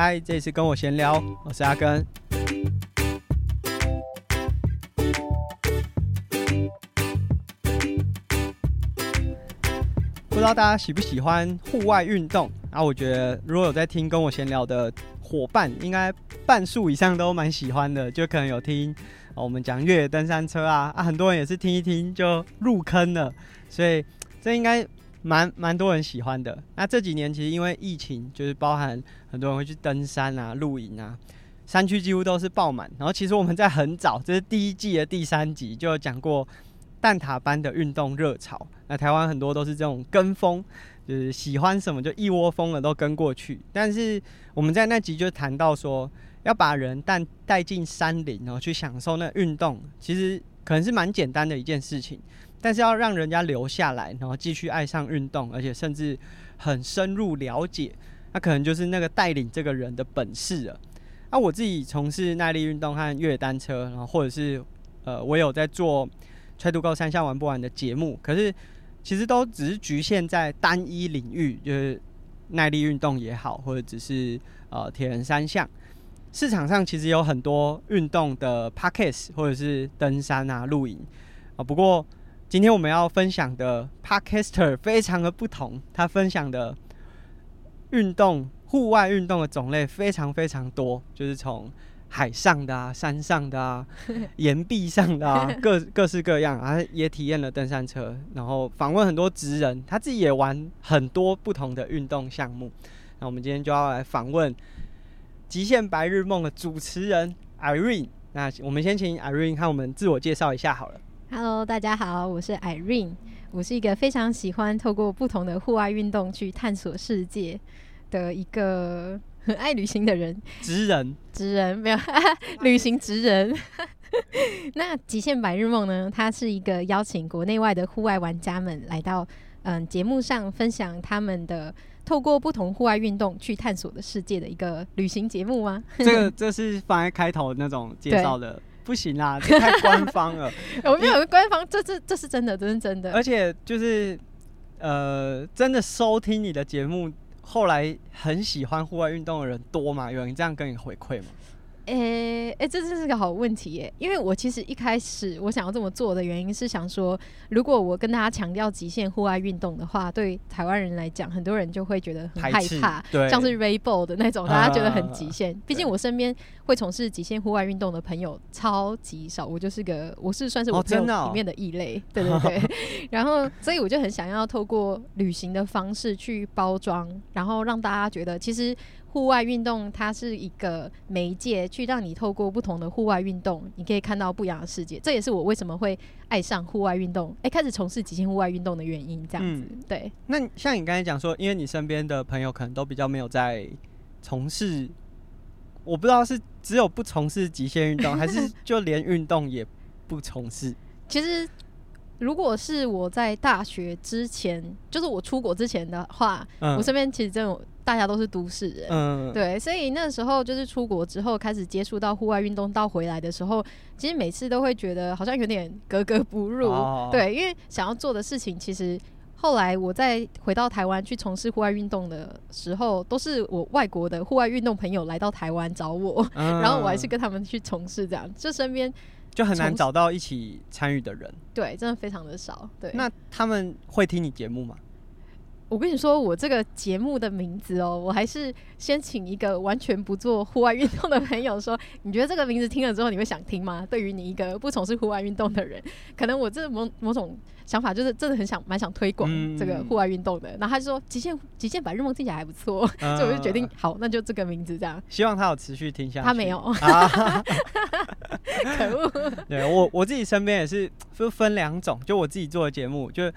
嗨，Hi, 這次跟我閒聊，我是阿耕。不知道大家喜不喜歡戶外運動？啊，我覺得如果有在聽跟我閒聊的夥伴，應該半數以上都蠻喜歡的，就可能有聽、哦、我們講越野登山車啊，啊，很多人也是聽一聽就入坑了，所以這應該。蠻蠻多人喜歡的。那這幾年其實因為疫情，就是包含很多人會去登山啊、露營啊，山區幾乎都是爆滿。然後其實我們在很早，這是第一季的第三集，就有講過蛋塔般的運動熱潮。那台灣很多都是這種跟風，就是喜歡什麼就一窩蜂的都跟過去。但是我們在那集就談到說，要把人帶帶進山林，然後去享受那運動，其實可能是蠻簡單的一件事情。但是要讓人家留下來，然後繼續愛上運動，而且甚至很深入了解，那可能就是那個帶領這個人的本事了。那、啊、我自己從事耐力運動和越野單車，然後或者是呃，我有在做川度高三項玩不完的節目，可是其實都只是局限在單一領域，就是耐力運動也好，或者只是呃鐵人三項。市場上其實有很多運動的 podcast，或者是登山啊、露營啊，不過，今天我們要分享的 Podcaster 非常的不同，他分享的運動戶外運動的種類非常非常多，就是從海上的啊、山上的啊、岩壁上的啊，各各式各樣，他也體驗了登山車，然後訪問很多職人，他自己也玩很多不同的運動項目。那我們今天就要來訪問《極限白日夢》的主持人 Irene。那我們先請 Irene 看我們自我介紹一下好了。Hello，大家好，我是 Irene，我是一個非常喜歡透過不同的戶外運動去探索世界的一個很愛旅行的人，職人，職人，沒有， 旅行職職人。 那《極限白日夢》呢？它是一個邀請國內外的戶外玩家們來到嗯節目上分享他們的透過不同戶外運動去探索的世界的一個旅行節目嗎？ 這個，這是放在開頭的那種介紹的。 不行啦，這太官方了。我 沒有官方，因這這這是真的，這是真的。而且就是，呃，真的收聽你的節目，後來很喜歡戶外運動的人多嗎？有人這樣跟你回饋嗎？誒，哎、欸欸，這真是個好問題耶！因為我其實一開始我想要這麼做的原因是想說，如果我跟大家強調極限戶外運動的話，對台灣人來講，很多人就會覺得很害怕，對，像是 r a b rainbow 的那種，啊、大家覺得很極限。畢對竟，我身邊會從事極限戶外運動的朋友超級少，我就是個，我是算是我朋友裡面的異類，哦哦、對對對。 然後，所以我就很想要透過旅行的方式去包裝，然後讓大家覺得其實。戶外運動它是一個媒介，去讓你透過不同的戶外運動，你可以看到不一樣的世界。這也是我為什麼會愛上戶外運動，誒、欸，開始從事極限戶外運動的原因。這樣子，嗯、對。那像你剛才講說，因為你身邊的朋友可能都比較沒有在從事，我不知道是只有不從事極限運動， 還是就連運動也不從事。其實。如果是我在大學之前，就是我出國之前的話，嗯、我身邊其實真的大家都是都市人，嗯、對，所以那時候就是出國之後開始接觸到戶外運動，到回來的時候，其實每次都會覺得好像有點格格不入，哦、對，因為想要做的事情，其實後來我在回到台灣去從事戶外運動的時候，都是我外國的戶外運動朋友來到台灣找我，嗯、然後我還是跟他們去從事這樣，就身邊。就很難找到一起參與的人，對，真的非常的少。對，那他們會聽你節目嗎？我跟你說，我這個節目的名字哦，我還是先請一個完全不做戶外運動的朋友說，你覺得這個名字聽了之後，你會想聽嗎？對於你一個不從事戶外運動的人，可能我這某某種。想法就是真的很想蠻想推廣這個戶外運動的，嗯、然後他就說“極限極限白日夢聽起來還不錯”，嗯、 所以我就決定好，那就這個名字這樣。希望他有持續聽下去。他沒有啊！可惡！對，我我自己身邊也是就分兩種，就我自己做的節目，就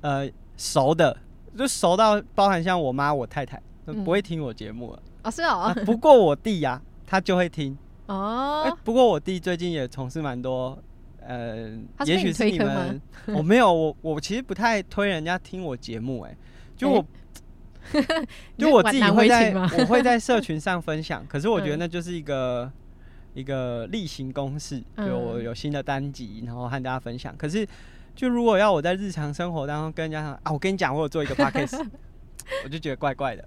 呃熟的就熟到包含像我媽、我太太就不會聽我節目了、嗯、啊是、哦、啊，不過我弟呀、啊、他就會聽哦、欸。不過我弟最近也從事蠻多。呃，也許是你們，我、哦、沒有，我我其實不太推人家聽我節目、欸，哎， 就我，欸、就我自己會在，在 我會在社群上分享，可是我覺得那就是一個、嗯、一個例行公事，就我有新的單集，然後和大家分享。可是，就如果要我在日常生活當中跟人家講啊，我跟你講，我有做一個 Podcast。 我就覺得怪怪的，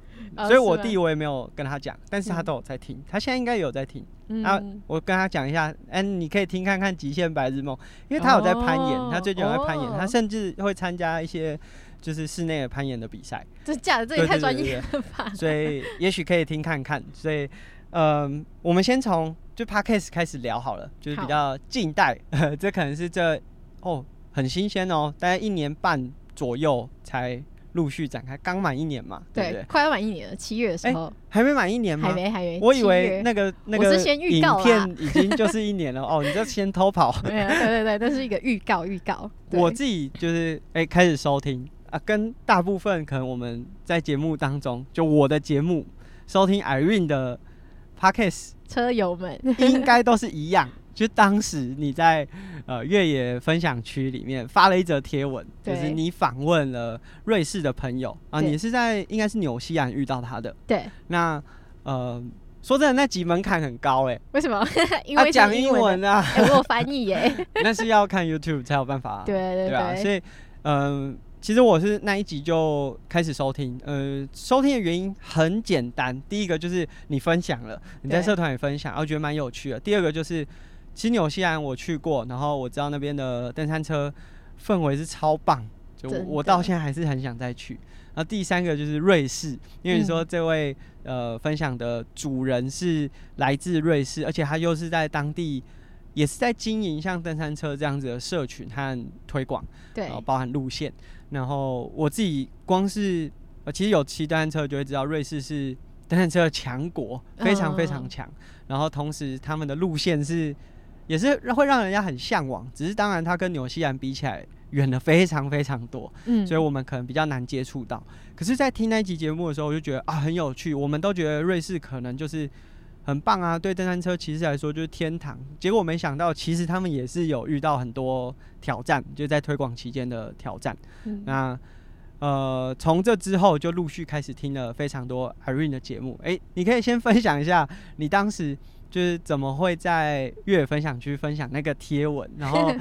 所以我弟我也沒有跟他講，但是他都有在聽，他現在應該有在聽。啊，我跟他講一下，嗯，你可以聽看看《極限白日夢》，因為他有在攀岩，他最近有在攀岩，他甚至會參加一些就是室內的攀岩的比賽。這假的？這也太專業了吧！所以也許可以聽看看。所以，嗯，我們先從就 podcast 開始聊好了，就是比較近代，這可能是這哦很新鮮哦，大概一年半左右才。陸續展開，剛滿一年嘛，對，對不對？快要滿一年了，七月的時候、欸、還沒滿一年嘛，還沒還沒。我以為那個月那個影片已經就是一年了 哦，你就先偷跑。對對對，那 是一個預告預告。對。我自己就是誒、欸、開始收聽啊，跟大部分可能我們在節目當中，就我的節目收聽 Irene 的 Podcast 車友們 應該都是一樣。就當時你在呃越野分享區裡面發了一則貼文，對就是你訪問了瑞士的朋友對啊，你是在應該是紐西蘭遇到他的。對，那呃說真的那集門檻很高哎、欸，為什麼？因為講英文啊，還、啊欸、有翻譯、欸、 那是要看 YouTube 才有辦法啊。對對對，對啊、所以嗯、呃，其實我是那一集就開始收聽，呃，收聽的原因很簡單，第一個就是你分享了，你在社團也分享，對我覺得蠻有趣的。第二個就是。金紐西蘭我去過，然後我知道那邊的登山車氛圍是超棒，就我，真的我到現在還是很想再去。然後第三個就是瑞士，因為你說這位、嗯、呃分享的主人是來自瑞士，而且他又是在當地，也是在經營像登山車這樣子的社群和推廣，對，然後包含路線。然後我自己光是呃其實有騎單車就會知道瑞士是登山車的強國，非常非常強。哦、然後同時他們的路線是。也是會讓人家很嚮往，只是當然它跟紐西蘭比起來遠了非常非常多，嗯，所以我們可能比較難接觸到。可是，在聽那集節目的時候，我就覺得啊，很有趣。我們都覺得瑞士可能就是很棒啊，對登山車騎士來說就是天堂。結果沒想到，其實他們也是有遇到很多挑戰，就在推廣期間的挑戰。嗯，那呃，從這之後就陸續開始聽了非常多 Irene 的節目。誒、欸，你可以先分享一下你當時。就是怎麼會在越野分享區分享那個貼文，然後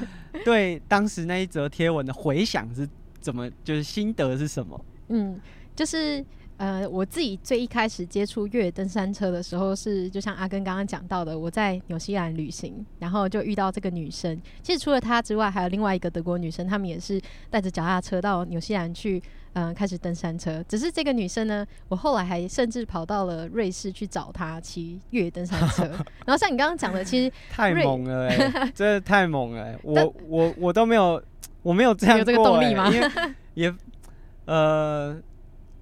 對當時那一則貼文的回響是怎麼，就是心得是什麼？ 嗯，就是呃，我自己最一開始接觸越野登山車的時候是，是就像阿耕剛剛講到的，我在紐西蘭旅行，然後就遇到這個女生。其實除了她之外，還有另外一個德國女生，她們也是帶着腳踏車到紐西蘭去。嗯、呃，開始登山車，只是這個女生呢，我後來還甚至跑到了瑞士去找她騎越野登山車。 然後像你剛剛講的，其實太猛了、欸， 真的太猛了、欸 我，我我我都沒有，我沒有這樣過、欸、有這個動力嗎？ 也呃，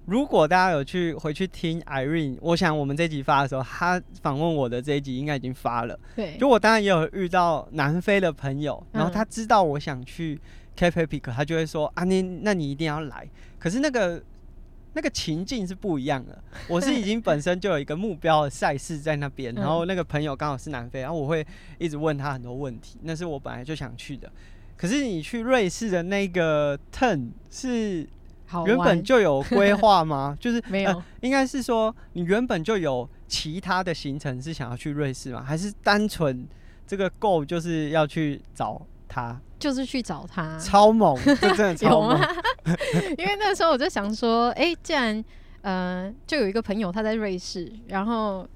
如果大家有去回去聽 Irene，我想我們這集發的時候，她訪問我的這一集應該已經發了。對，就我當然也有遇到南非的朋友，然後他知道我想去。嗯 Kapapik 他就會說啊你那你一定要來，可是那個那個情境是不一樣的。我是已經本身就有一個目標的賽事在那邊， 然後那個朋友剛好是南非，然後我會一直問他很多問題。那是我本來就想去的。可是你去瑞士的那個 turn 是原本就有規劃嗎？好玩 就是 沒有、呃，應該是說你原本就有其他的行程是想要去瑞士嗎？還是單純這個 go 就是要去找他？就是去找他，超猛，真的超猛 因為那時候我就想說，哎、 欸，既然，呃，就有一個朋友他在瑞士，然後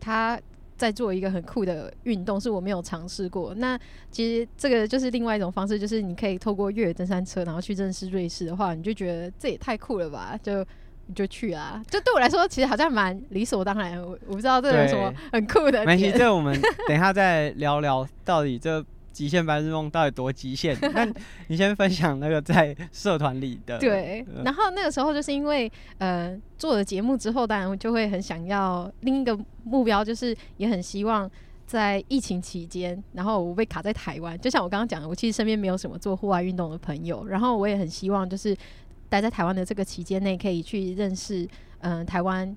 他在做一個很酷的運動，是我沒有嘗試過。那其實這個就是另外一種方式，就是你可以透過越野登山車，然後去認識瑞士的話，你就覺得這也太酷了吧？就你就去啊！就對我來說，其實好像蠻理所當然。我我不知道這有什麼很酷的。沒事，這我們等一下再聊聊到底這。極限白日夢到底多極限？那你先分享那個在社團裡的。 對。然後那個時候就是因為呃做了節目之後，當然就會很想要另一個目標，就是也很希望在疫情期間，然後我被卡在台灣，就像我剛剛講的，我其實身邊沒有什麼做戶外運動的朋友，然後我也很希望就是待在台灣的這個期間內，可以去認識嗯、呃、台灣，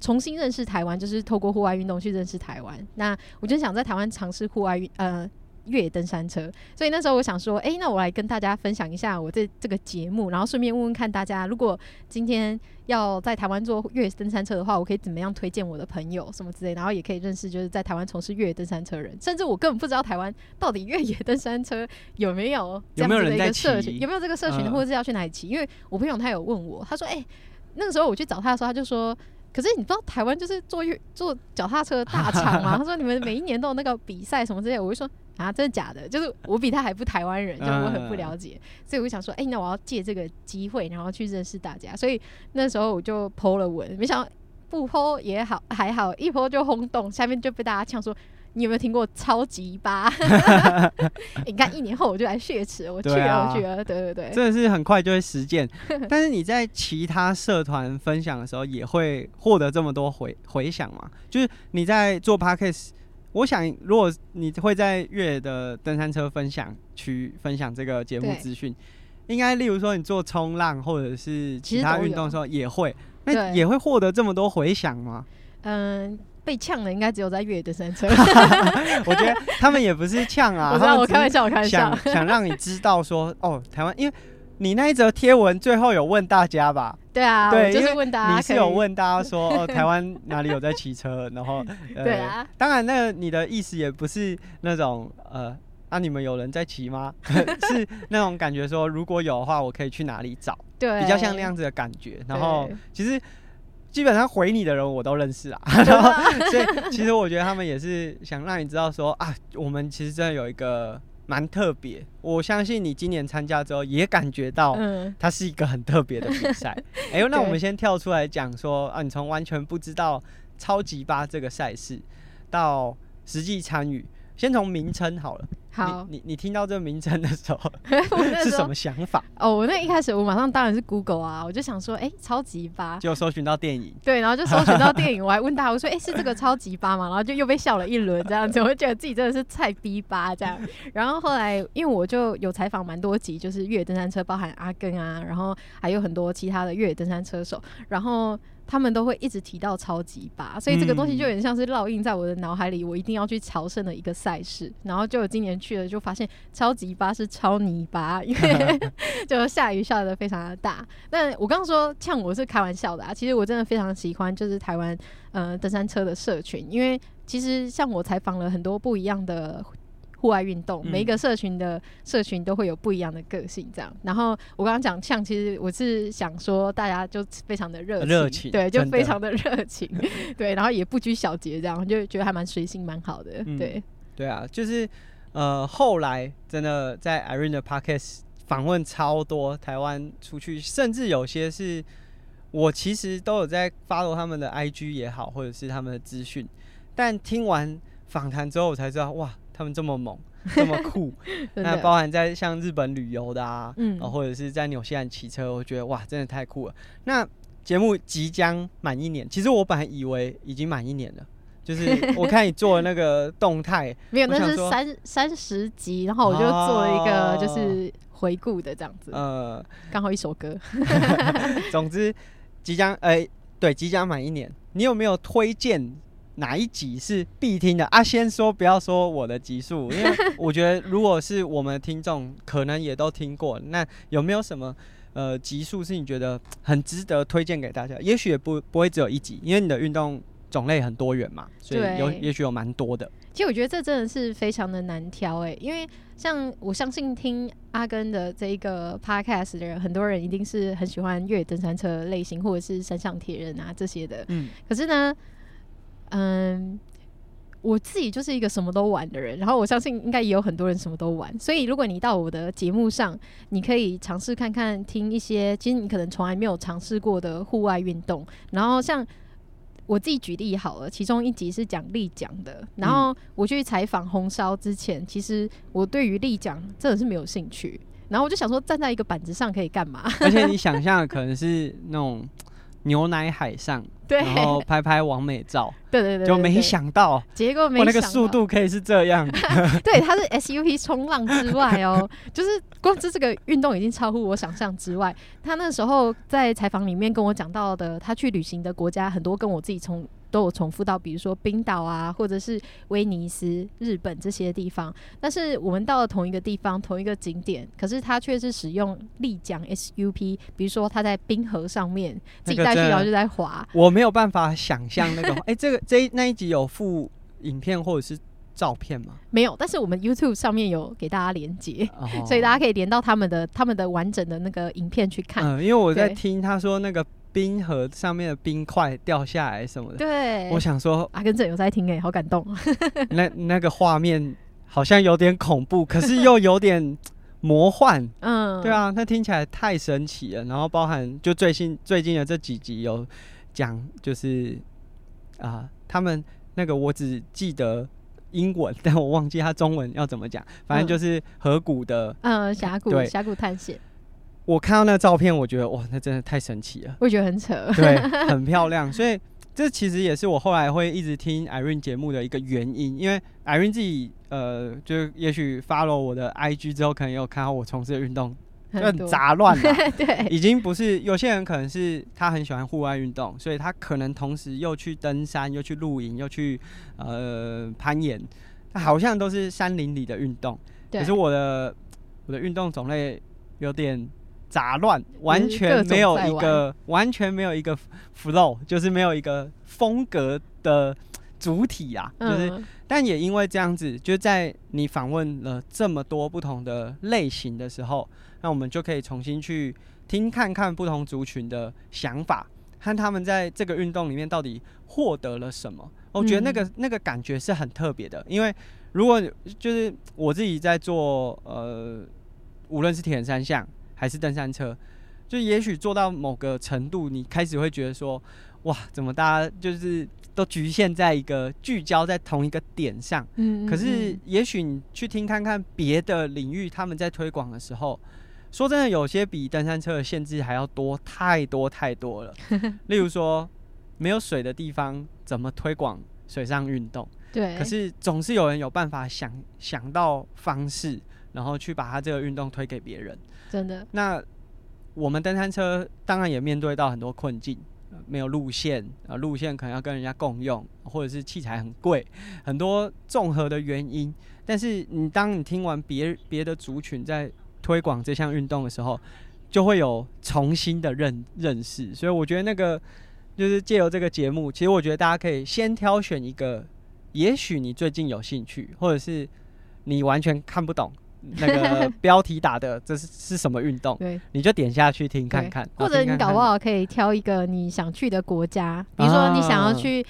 重新認識台灣，就是透過戶外運動去認識台灣。那我就想在台灣嘗試戶外運呃。越野登山車，所以那時候我想說，哎、欸，那我來跟大家分享一下我這這個節目，然後順便問問看大家，如果今天要在台灣做越野登山車的話，我可以怎麼樣推薦我的朋友什麼之類，然後也可以認識就是在台灣從事越野登山車的人，甚至我根本不知道台灣到底越野登山車有沒有這樣子的一個社群，有沒有人在騎？有沒有這個社群，或者是要去哪裡騎？嗯、因為我朋友他有問我，他說，哎、欸，那個時候我去找他的時候，他就說。可是你知道台灣就是做越、做腳踏車的大廠嗎？ 他說你們每一年都有那個比賽什麼之類。我就說啊，真的假的？就是我比他還不台灣人，就 我很不了解，所以我想說，哎、欸，那我要借這個機會，然後去認識大家。所以那時候我就 po 了文，沒想到不 po 也好還好，一 po 就轟動，下面就被大家嗆說。你有沒有聽過超級吧、 欸？你看一年後我就來雪恥，我去了啊，啊，我去啊，對對對，真的是很快就會實踐。 但是你在其他社團分享的時候，也會獲得這麼多回回響嗎？就是你在做 Podcast，我想如果你會在越野的登山車分享區分享這個節目資訊，對應該例如說你做衝浪或者是其他運動的時候，也會那也會獲得這麼多回響嗎？嗯。被嗆的應該只有在越野登山車。我覺得他們也不是嗆啊， 我開玩道笑，開玩笑，想讓你知道說，哦，台灣，因為你那一則貼文最後有問大家吧？對啊，對，就是問大家，你是有問大家說，哦以、喔，台灣哪裡有在騎車？然後，呃、對啊，當然，那個你的意思也不是那種，呃，那、啊、你們有人在騎嗎？ 是那種感覺說，如果有的話，我可以去哪裡找？對，比較像那樣子的感覺。然後，其實。基本上回你的人我都認識啊， 然後所以其實我覺得他們也是想讓你知道說啊，我們其實真的有一個蠻特別。我相信你今年參加之後也感覺到它是一個很特別的比賽。哎呦、嗯 欸，那我們先跳出來講說對啊，你從完全不知道超級八這個賽事到實際參與。先從名稱好了。好，你你，你聽到這個名稱的時候 我說是什麼想法？哦，我那一開始我馬上當然是 Google 啊，我就想說，哎、欸，超級八。就搜尋到電影。對，然後就搜尋到電影， 我還問他，我說，哎、欸，是這個超級八嗎？然後就又被笑了一輪這樣子，我就 覺得自己真的是菜逼八這樣。然後後來，因為我就有採訪蠻多集，就是越野登山車，包含阿耕啊，然後還有很多其他的越野登山車手，然後。他們都會一直提到超級巴，所以這個東西就有點像是烙印在我的腦海裡，嗯、我一定要去朝聖的一個賽事。然後就今年去了，就發現超級巴是超泥巴，因為 就下雨下得非常的大。但我剛剛說，像我是開玩笑的啊，其實我真的非常喜歡就是台灣呃登山車的社群，因為其實像我採訪了很多不一樣的。戶外運動，每一個社群的社群都會有不一樣的個性，這樣。嗯、然後我剛剛講，像其實我是想說，大家就非常的熱情，熱情對，就非常的熱情，的 對，然後也不拘小節，這樣就覺得還蠻隨性，蠻好的，嗯、對。對啊，就是呃，後來真的在 Irene 的 Podcast 訪問超多台灣出去，甚至有些是我其實都有在 follow 他們的 IG 也好，或者是他們的資訊，但聽完訪談之後，我才知道哇。他們這麼猛，這麼酷， 真的 那包含在像日本旅遊的啊，嗯啊，或者是在紐西蘭騎車，我覺得哇，真的太酷了。那節目即將滿一年，其實我本來以為已經滿一年了，就是我看你做的那個動態， 沒有，那是三三十集，然後我就做了一個就是回顧的這樣子，哦、呃，剛好一首歌。 總之即，即將哎，對，即將滿一年，你有沒有推薦？哪一集是必聽的啊？先說，不要說我的集數，因為我覺得如果是我們的聽眾， 可能也都聽過。那有沒有什麼呃集數是你覺得很值得推薦給大家？也許也不不會只有一集，因為你的運動種類很多元嘛，所以有對也許有蠻多的。其實我覺得這真的是非常的難挑誒、欸，因為像我相信聽阿耕的這個 podcast 的人，很多人一定是很喜歡越野登山車類型，或者是山上鐵人啊這些的。嗯，可是呢。嗯，我自己就是一個什麼都玩的人，然後我相信應該也有很多人什麼都玩，所以如果你到我的節目上，你可以嘗試看看聽一些，其實你可能從來沒有嘗試過的戶外運動。然後像我自己舉例好了，其中一集是講立槳的，然後我去採訪紅燒之前，嗯、其實我對於立槳真的是沒有興趣，然後我就想說站在一個板子上可以幹嘛？而且你想象的可能是那種。牛奶海上，對然後拍拍完美照，對對對，對對對，就沒想到，結果沒想到，我那個速度可以是這樣， 對，他是 SUP 衝浪之外哦， 就是光是這個運動已經超乎我想象之外。他那時候在採訪裡面跟我講到的，他去旅行的國家很多跟我自己衝。都有重複到，比如說冰島啊，或者是威尼斯、日本這些地方，但是我們到了同一個地方、同一個景點，可是他卻是使用立槳 SUP，比如說他在冰河上面自己帶去，然後就在滑。我沒有辦法想象那個，哎、 欸，這個這一那一集有附影片或者是照片嗎？ 沒有，但是我們 YouTube 上面有給大家連接，哦、所以大家可以連到他們的他們的完整的那個影片去看。嗯、呃，因為我在對聽他說那個。冰河上面的冰塊掉下來什麼的，對，我想說阿耕正有在聽哎、欸，好感動。 那那個畫面好像有點恐怖，可是又有點魔幻。嗯，對啊，那聽起來太神奇了。然後包含就最新最近的這幾集有講，就是啊、呃，他們那個我只記得英文，但我忘記他中文要怎麼講。反正就是河谷的，嗯，呃、峽谷、峽對谷探險。我看到那照片，我覺得哇，那真的太神奇了。我覺得很扯。對，很漂亮。 所以這其實也是我後來會一直聽 Irene 節目的一個原因，因為 Irene 自己呃，就是也許 follow 我的 IG 之後，可能也有看到我從事的運動就很雜亂。了很多 對已經不是有些人可能是他很喜歡戶外運動，所以他可能同時又去登山，又去露營，又去呃攀岩，他好像都是山林裡的運動。嗯、可是我的我的運動種類有點。雜亂，完全沒有一個完全沒有一個 flow，就是沒有一個風格的主體啊。嗯。就是，但也因為這樣子，就在你訪問了這麼多不同的類型的時候，那我們就可以重新去聽看看不同族群的想法和他們在這個運動裡面到底獲得了什麼。我覺得那個，嗯，那個感覺是很特別的，因為如果就是我自己在做呃，無論是鐵人三項。還是登山車，就也許做到某個程度，你開始會覺得說，哇，怎麼大家就是都局限在一個聚焦在同一個點上？嗯，嗯，嗯，可是也許你去聽看看別的領域，他們在推廣的時候，說真的，有些比登山車的限制還要多太多太多了。 例如說，沒有水的地方怎麼推廣水上運動？對。可是總是有人有辦法想想到方式，然後去把他這個運動推給別人。真的，那我們登山車當然也面對到很多困境，沒有路線啊，路線可能要跟人家共用，或者是器材很貴，很多綜合的原因。但是你當你聽完別別的族群在推廣這項運動的時候，就會有重新的認認識。所以我覺得那個就是借由這個節目，其實我覺得大家可以先挑選一個，也許你最近有興趣，或者是你完全看不懂。 那個標題打的這是是什麼運動？ 對，你就點下去聽看看，對啊、或者你搞不好可以挑一個你想去的國家， 比如說你想要去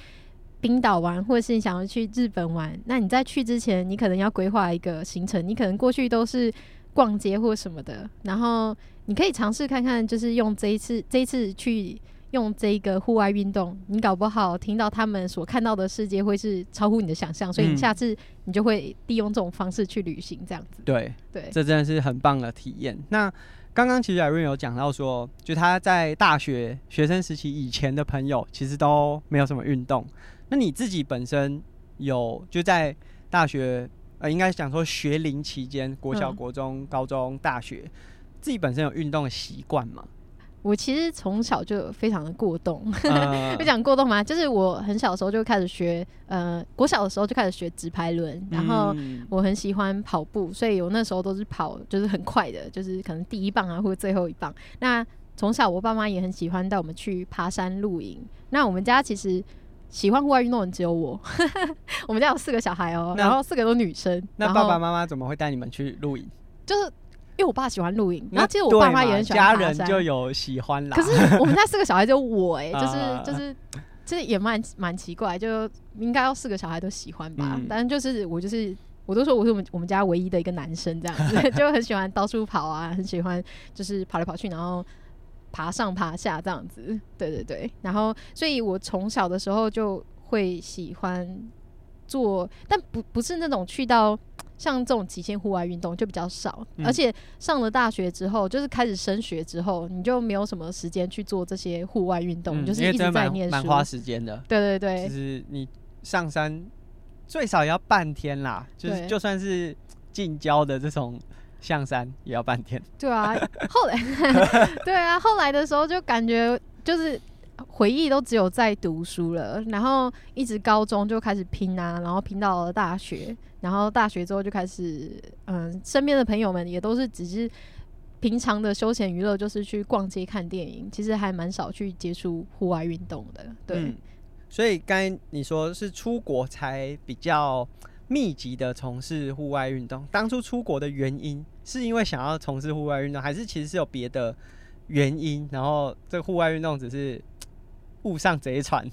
冰島玩，啊、或者是你想要去日本玩。那你在去之前，你可能要規劃一個行程，你可能過去都是逛街或什麼的，然後你可以嘗試看看，就是用這一次這一次去。用這個戶外運動，你搞不好聽到他們所看到的世界會是超乎你的想象，所以你下次你就會利用這種方式去旅行，這樣子。對、嗯、對，對這真的是很棒的體驗。那剛剛其實 Irene 有講到說，就他在大學學生時期以前的朋友其實都沒有什麼運動。那你自己本身有就在大學呃，應該講說學齡期間，國小、國中、高中、大學，嗯、自己本身有運動的習慣嗎？我其實從小就非常的過動，會講、嗯、 過動嗎？就是我很小的時候就開始學，呃，我小的時候就開始學直排輪，然後我很喜歡跑步，所以我那時候都是跑，就是很快的，就是可能第一棒啊或者最後一棒。那從小我爸媽也很喜歡帶我們去爬山露營。那我們家其實喜歡戶外運動的只有我， 我們家有四個小孩哦、喔，然後四個都女生，那，然後那爸爸媽媽怎麼會帶你們去露營？就是。因為我爸喜歡露營，那 然後其實我爸媽也很喜歡爬山。家人就有喜歡啦。可是我們家四個小孩就我誒、欸， 就是就是，其實也蠻蠻奇怪，就應該要四個小孩都喜歡吧。反正、嗯、就是我就是，我都說我是我們我們家唯一的一個男生這樣子， 就很喜歡到處跑啊，很喜歡就是跑來跑去，然後爬上爬下這樣子。對對對，然後所以我從小的時候就會喜歡做，但不不是那種去到。像這種極限戶外運動就比較少。嗯、而且上了大學之後，就是開始升學之後，你就沒有什麼時間去做這些戶外運動，嗯、你就是一直在念書，蠻花時間的。對對對，其實你上山最少也要半天啦，就是對就算是近郊的這種象山也要半天。對啊，後來 對啊，後來的時候就感覺就是。回憶都只有在讀書了，然後一直高中就開始拼啊，然後拼到了大學，然後大學之後就開始，嗯，身邊的朋友們也都是只是平常的休閒娛樂，就是去逛街看電影，其實還蠻少去接觸戶外運動的。對，嗯，所以剛才你說是出國才比較密集的從事戶外運動，當初出國的原因是因為想要從事戶外運動，還是其實是有別的原因，然後這戶外運動只是。誤上賊船。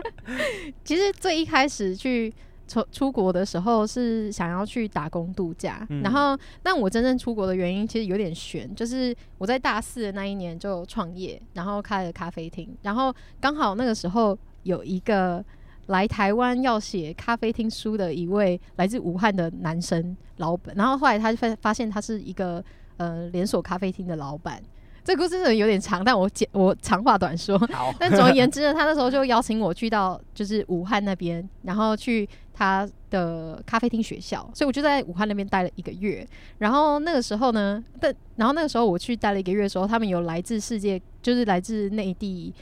其實最一開始去出出國的時候是想要去打工度假，嗯、然後，但我真正出國的原因其實有點玄，就是我在大四的那一年就創業，然後開了咖啡廳，然後剛好那個時候有一個來台灣要寫咖啡廳書的一位來自武漢的男生老板，然後後來他就發發現他是一個呃連鎖咖啡廳的老板。這故事有點長，但我簡我長話短說。好但總而言之呢，他那時候就邀請我去到就是武漢那邊， 然後去他的咖啡廳學校，所以我就在武漢那邊待了一個月。然後那個時候呢，但然後那個時候我去待了一個月的時候，他們有來自世界，就是來自內地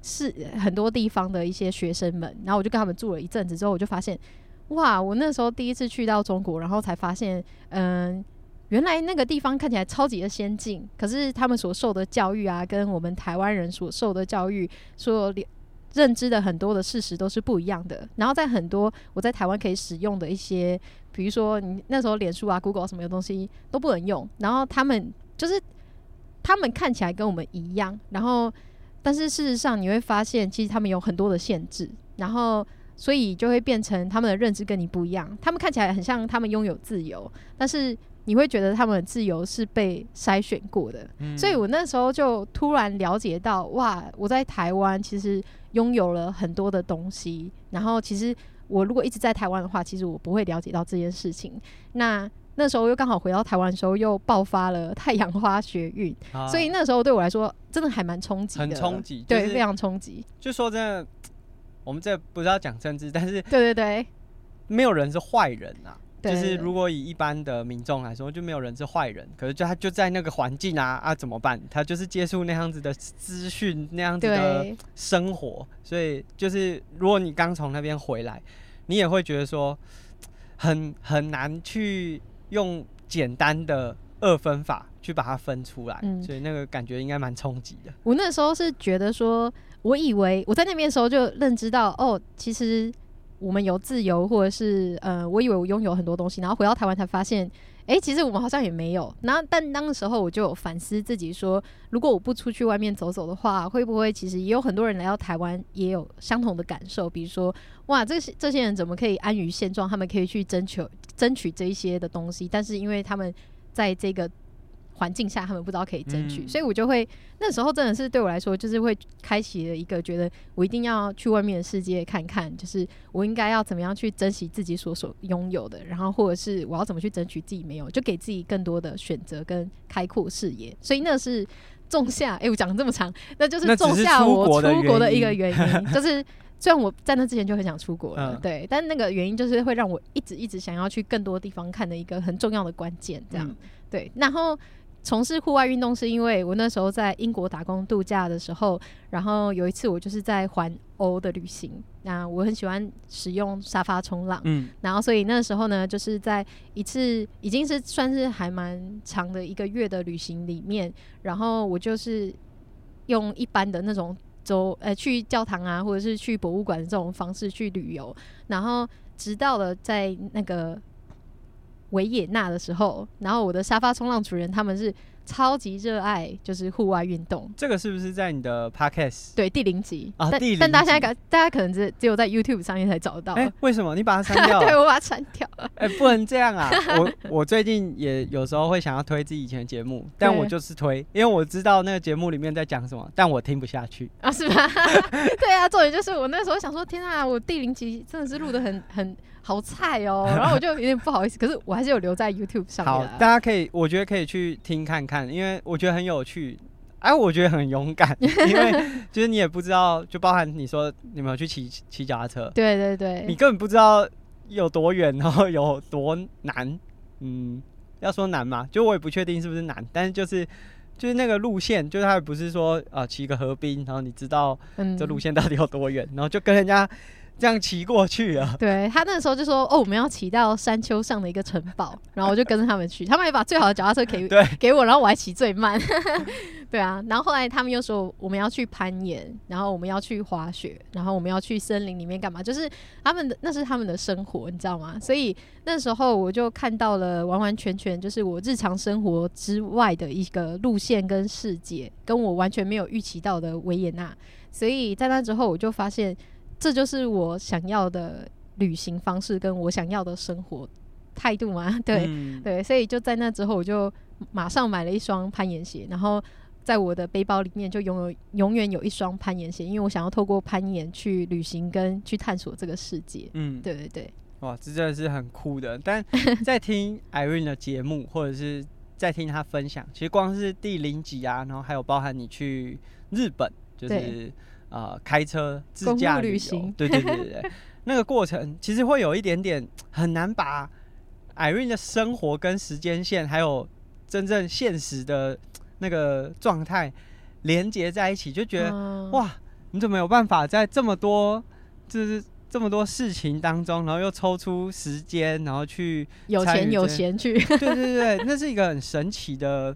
是很多地方的一些學生們，然後我就跟他們住了一陣子之後，我就發現哇，我那時候第一次去到中國，然後才發現嗯。原來那個地方看起來超級的先進，可是他們所受的教育啊，跟我們台灣人所受的教育所認知的很多的事實都是不一樣的。然後在很多我在台灣可以使用的一些，比如說你那時候臉書啊、Google 什麼的東西都不能用。然後他們就是他們看起來跟我們一樣，然後但是事實上你會發現，其實他們有很多的限制，然後所以就會變成他們的認知跟你不一樣。他們看起來很像他們擁有自由，但是。你會覺得他們的自由是被篩選過的，嗯、所以我那時候就突然了解到，哇，我在台灣其實擁有了很多的東西，然後其實我如果一直在台灣的話，其實我不會了解到這件事情。那那時候又剛好回到台灣的時候，又爆發了太陽花學運，啊、所以那時候對我來說真的還蠻衝擊的，很衝擊，就是、對，非常衝擊。就說真的，我們這不知道要講政治，但是對對對，沒有人是壞人啊。就是如果以一般的民眾來說，就沒有人是壞人。可是就他就在那個環境啊啊，怎麼辦？他就是接觸那樣子的資訊，那樣子的生活。對所以就是如果你剛從那邊回來，你也會覺得說很，很很難去用簡單的二分法去把它分出來。嗯、所以那個感覺應該蠻衝擊的。我那時候是覺得說，我以為我在那邊的時候就認知到，哦，其實。我們有自由，或者是呃，我以為我擁有很多東西，然後回到台灣才發現，誒，其實我們好像也沒有。然後，但那個時候我就有反思自己說，說如果我不出去外面走走的話，會不會其實也有很多人來到台灣也有相同的感受？比如說，哇，這這些人怎麼可以安於現狀？他們可以去爭取爭取這些的東西，但是因為他們在這個。環境下，他們不知道可以爭取，嗯、所以我就會那時候真的是對我來說，就是會開啟了一個覺得我一定要去外面的世界看看，就是我應該要怎麼樣去珍惜自己所所擁有的，然後或者是我要怎麼去爭取自己沒有，就給自己更多的選擇跟開闊視野。所以那是仲夏，誒、欸，我講了這麼長，那就是仲夏我出國的一個原因，是原因 就是雖然我在那之前就很想出國了，嗯、對，但那個原因就是會讓我一直一直想要去更多地方看的一個很重要的關鍵，這樣、嗯、對，然後。從事戶外運動是因為我那時候在英國打工度假的時候，然後有一次我就是在環歐的旅行。那我很喜歡使用沙發衝浪，嗯，然後所以那時候呢，就是在一次已經是算是還蠻長的一個月的旅行裡面，然後我就是用一般的那種走，呃，去教堂啊，或者是去博物館這種方式去旅遊，然後直到了在那個。維也納的時候，然後我的沙發衝浪主人他們是，超級熱愛就是戶外運動，這個是不是在你的 podcast？對，第零集啊，第零，但大家大家可能只只有在 YouTube 上面才找得到。哎，為什麼你把它刪掉？對，我把它刪掉了。哎，不能這樣啊！我我最近也有時候會想要推自己以前的節目，但我就是推，因為我知道那個節目裡面在講什麼，但我聽不下去啊，是吧？對啊，重點就是我那時候想說，天啊，我第零集真的是錄的很很好菜哦，然後我就有點不好意思，可是我還是有留在 YouTube 上面。好，大家可以，我覺得可以去聽看看。看，因為我覺得很有趣，哎、啊，我覺得很勇敢， 因為就是你也不知道，就包含你說你有沒有去騎騎腳踏車，對對對，你根本不知道有多遠，然後有多難，嗯，要說難嘛，就我也不確定是不是難，但是就是就是那個路線，就是他也不是說啊呃、騎個河濱，然後你知道這路線到底有多遠，嗯、然後就跟人家。這樣騎過去啊？對，他那時候就說：“哦，我們要騎到山丘上的一個城堡。”然後我就跟着他們去， 他們也把最好的腳踏車給對給我，然後我還騎最慢。 對啊，然後後來他們又說我們要去攀岩，然後我們要去滑雪，然後我們要去森林裡面幹嘛？就是他們的，那是他們的生活，你知道嗎？所以那時候我就看到了完完全全就是我日常生活之外的一個路線跟世界，跟我完全沒有預期到的維也納。所以在那之後，我就發現。這就是我想要的旅行方式，跟我想要的生活態度嘛？對、嗯、對，所以就在那之後，我就馬上買了一雙攀岩鞋，然後在我的背包裡面就擁有永遠有一雙攀岩鞋，因為我想要透過攀岩去旅行，跟去探索這個世界。嗯，對對對。哇，這真的是很酷的！但在聽 Irene 的節目， 或者是在聽她分享，其實光是第零集啊，然後還有包含你去日本，就是。呃，開車自駕旅、旅行，對對對對對， 那個過程其實會有一點點很難把 Irene 的生活跟時間線，還有真正現實的那個狀態連接在一起，就覺得、嗯、哇，你怎麼有辦法在這麼多就是這麼多事情當中，然後又抽出時間，然後去有錢有錢去， 對對對，那是一個很神奇的，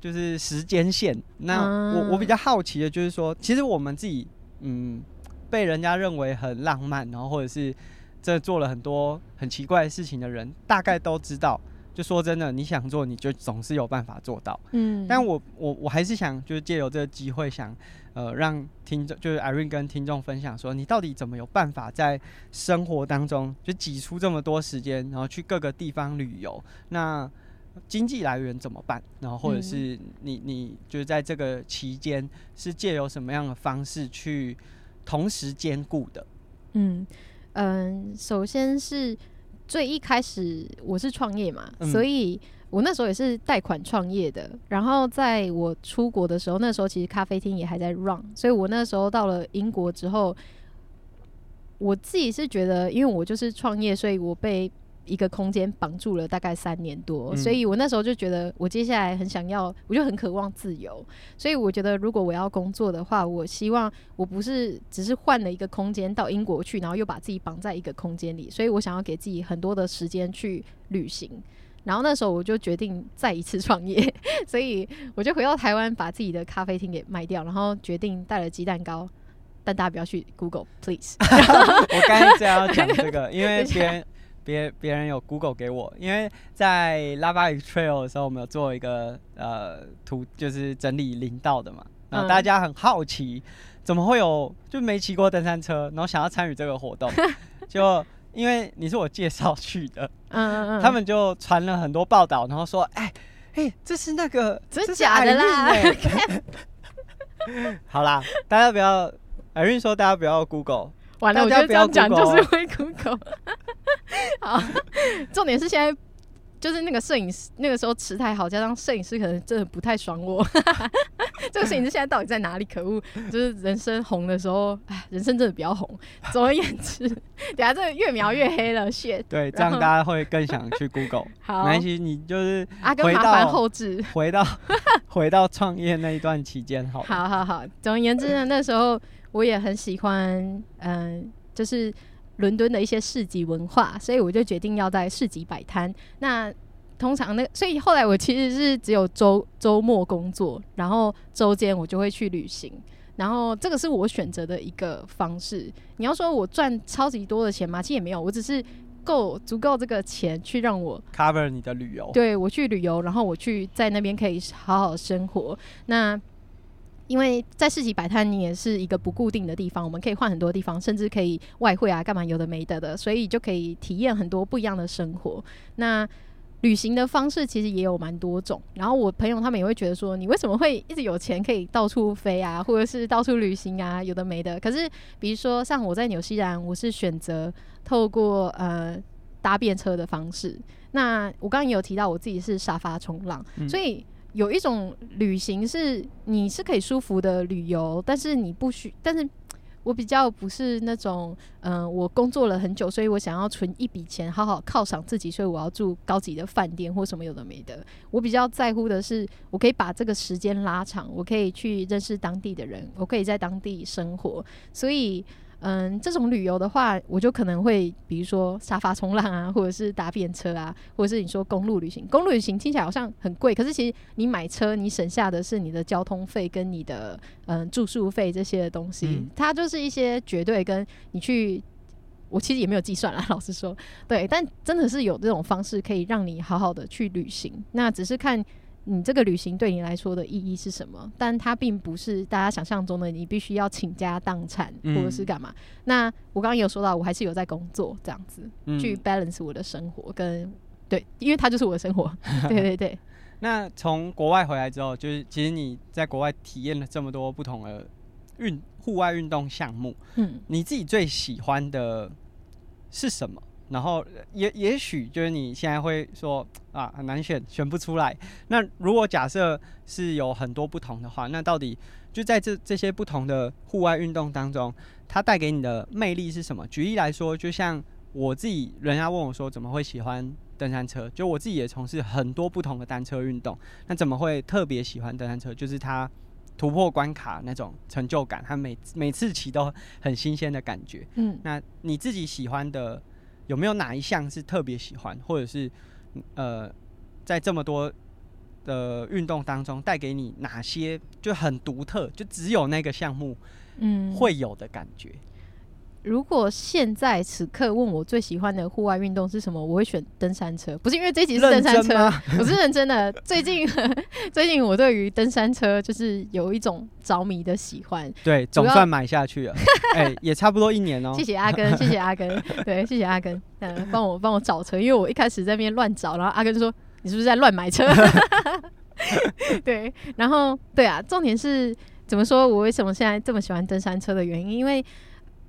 就是時間線。那我、嗯、我比較好奇的就是說，其實我們自己。嗯，被人家認為很浪漫，然後，或者是這做了很多很奇怪的事情的人，大概都知道。就說真的，你想做，你就總是有辦法做到。嗯，但我我我還是想就是借由這個機會想，想呃讓聽眾就是 Irene 跟聽眾分享說，你到底怎麼有辦法在生活當中就擠出這麼多時間，然後去各個地方旅遊？那經濟來源怎麼辦？然後或者是你，你就是在這個期間是借由什麼樣的方式去同時兼顧的？嗯嗯，首先是最一開始我是創業嘛，嗯、所以我那時候也是貸款創業的。然後在我出國的時候，那時候其實咖啡廳也還在 run，所以我那時候到了英國之後，我自己是覺得，因為我就是創業，所以我被。一個空間綁住了大概三年多，嗯、所以我那時候就覺得，我接下來很想要，我就很渴望自由。所以我覺得，如果我要工作的話，我希望我不是只是換了一個空間到英國去，然後又把自己綁在一個空間裡。所以我想要給自己很多的時間去旅行。然後那時候我就決定再一次創業，所以我就回到台灣把自己的咖啡廳給賣掉，然後決定帶了雞蛋糕，但大家不要去 Google，please。 我剛才要講這個， 因為別別人有 Google 給我，因為在 l a b a Trail 的時候，我們有做一個呃圖，就是整理林道的嘛。然後大家很好奇，嗯、怎麼會有就沒騎過登山車，然後想要參與這個活動， 就因為你是我介紹去的，嗯嗯嗯，他們就傳了很多報道，然後說，哎、欸、嘿、欸，這是那個，真是假啦這是的、欸。瑞， 好啦，大家不要，Irene 說大家不要 Google。完了我就這樣講，就是會 Google。 好，重點是現在就是那個攝影師，那個時候詞太好，加上攝影師可能真的不太爽我。 這個攝影師現在到底在哪裡？可惡！就是人生紅的時候，哎，人生真的比較紅。總而言之， 等下這個越描越黑了，shit。 對，這樣大家會更想去 Google 好沒關係，你就是根回到阿根麻煩後製， 回到回到創業那一段期間，好。好好好，總而言之呢，那時候。 我也很喜歡，嗯、呃，就是倫敦的一些市集文化，所以我就決定要在市集擺攤。那通常那個，所以後來我其實是只有周周末工作，然後周間我就會去旅行。然後這個是我選擇的一個方式。你要說我賺超級多的錢嗎？其實也沒有，我只是夠足夠這個錢去讓我 cover 你的旅遊。對，我去旅遊，然後我去在那邊可以好好生活。那。因為在市集擺攤，你也是一個不固定的地方，我們可以換很多地方，甚至可以外匯啊，幹嘛有的沒的的，所以就可以體驗很多不一樣的生活。那旅行的方式其實也有蠻多種。然後我朋友他們也會覺得說，你為什麼會一直有錢可以到處飛啊，或者是到處旅行啊，有的沒的。可是比如說像我在紐西蘭，我是選擇透過呃搭便車的方式。那我剛剛也有提到，我自己是沙發衝浪，嗯、所以，有一種旅行是你是可以舒服的旅遊，但是你不需，但是我比較不是那種，嗯、呃，我工作了很久，所以我想要存一筆錢，好好犒賞自己，所以我要住高級的飯店或什麼有的沒的。我比較在乎的是，我可以把這個時間拉長，我可以去認識當地的人，我可以在當地生活，所以。嗯，這種旅遊的話，我就可能會，比如說沙發衝浪啊，或者是搭便車啊，或者是你說公路旅行。公路旅行聽起來好像很貴，可是其實你買車，你省下的是你的交通費跟你的嗯住宿費這些東西。嗯、它就是一些絕對跟你去，我其實也沒有計算啦，老實說，對，但真的是有這種方式可以讓你好好的去旅行。那只是看。你這個旅行對你來說的意義是什麼？但它並不是大家想象中的，你必須要傾家蕩產或者是幹嘛。嗯、那我剛剛也有說到，我還是有在工作，這樣子、嗯、去 balance 我的生活跟對，因為它就是我的生活。 對，對對對。那從國外回來之後，就是其實你在國外體驗了這麼多不同的運戶外運動項目，嗯，你自己最喜歡的是什麼？然後也也許就是你現在會說啊，很難選，選不出來。那如果假設是有很多不同的話，那到底就在這這些不同的戶外運動當中，它帶給你的魅力是什麼？舉例來說，就像我自己人家問我說，怎麼會喜歡登山車？就我自己也從事很多不同的單車運動，那怎麼會特別喜歡登山車？就是它突破關卡那種成就感，它每每次騎都很新鮮的感覺。嗯，那你自己喜歡的。有沒有哪一項是特別喜歡，或者是，呃，在這麼多的運動當中，帶給你哪些就很獨特，就只有那個項目，嗯，會有的感覺。嗯如果現在此刻問我最喜歡的戶外運動是什麼，我會選登山車。不是因為這一集是登山車，我是認真的。最近呵呵最近我對於登山車就是有一種着迷的喜歡。對，要總算買下去了。哎、 欸，也差不多一年哦、喔。謝謝阿耕，謝謝阿耕，對，謝謝阿耕。嗯、呃，幫我幫我找車，因為我一開始在那邊亂找，然後阿耕就說：“你是不是在亂買車？” 對，然後對啊，重點是怎麼說？我為什麼現在這麼喜歡登山車的原因，因為。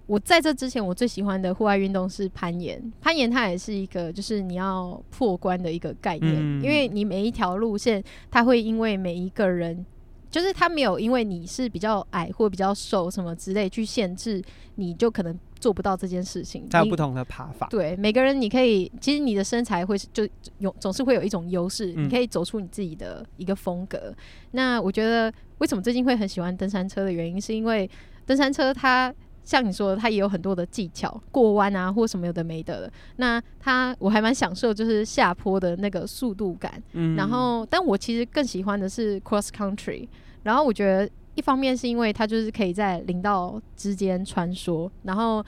我在這之前，我最喜歡的戶外運動是攀岩。攀岩它也是一個，就是你要破關的一個概念，嗯、因為你每一條路線，它會因為每一個人，就是他沒有因為你是比較矮或比較瘦什麼之類去限制，你就可能做不到這件事情。它有不同的爬法，對每個人你可以，其實你的身材會就有總是會有一種優勢，嗯、你可以走出你自己的一個風格。那我覺得為什麼最近會很喜歡登山車的原因，是因為登山車它。像你說的，他也有很多的技巧，過彎啊，或什麼有的沒的的，那他我還蠻享受，就是下坡的那個速度感。嗯，然後，但我其實更喜歡的是 cross country。然後，我覺得一方面是因為它就是可以在林道之間穿梭，然後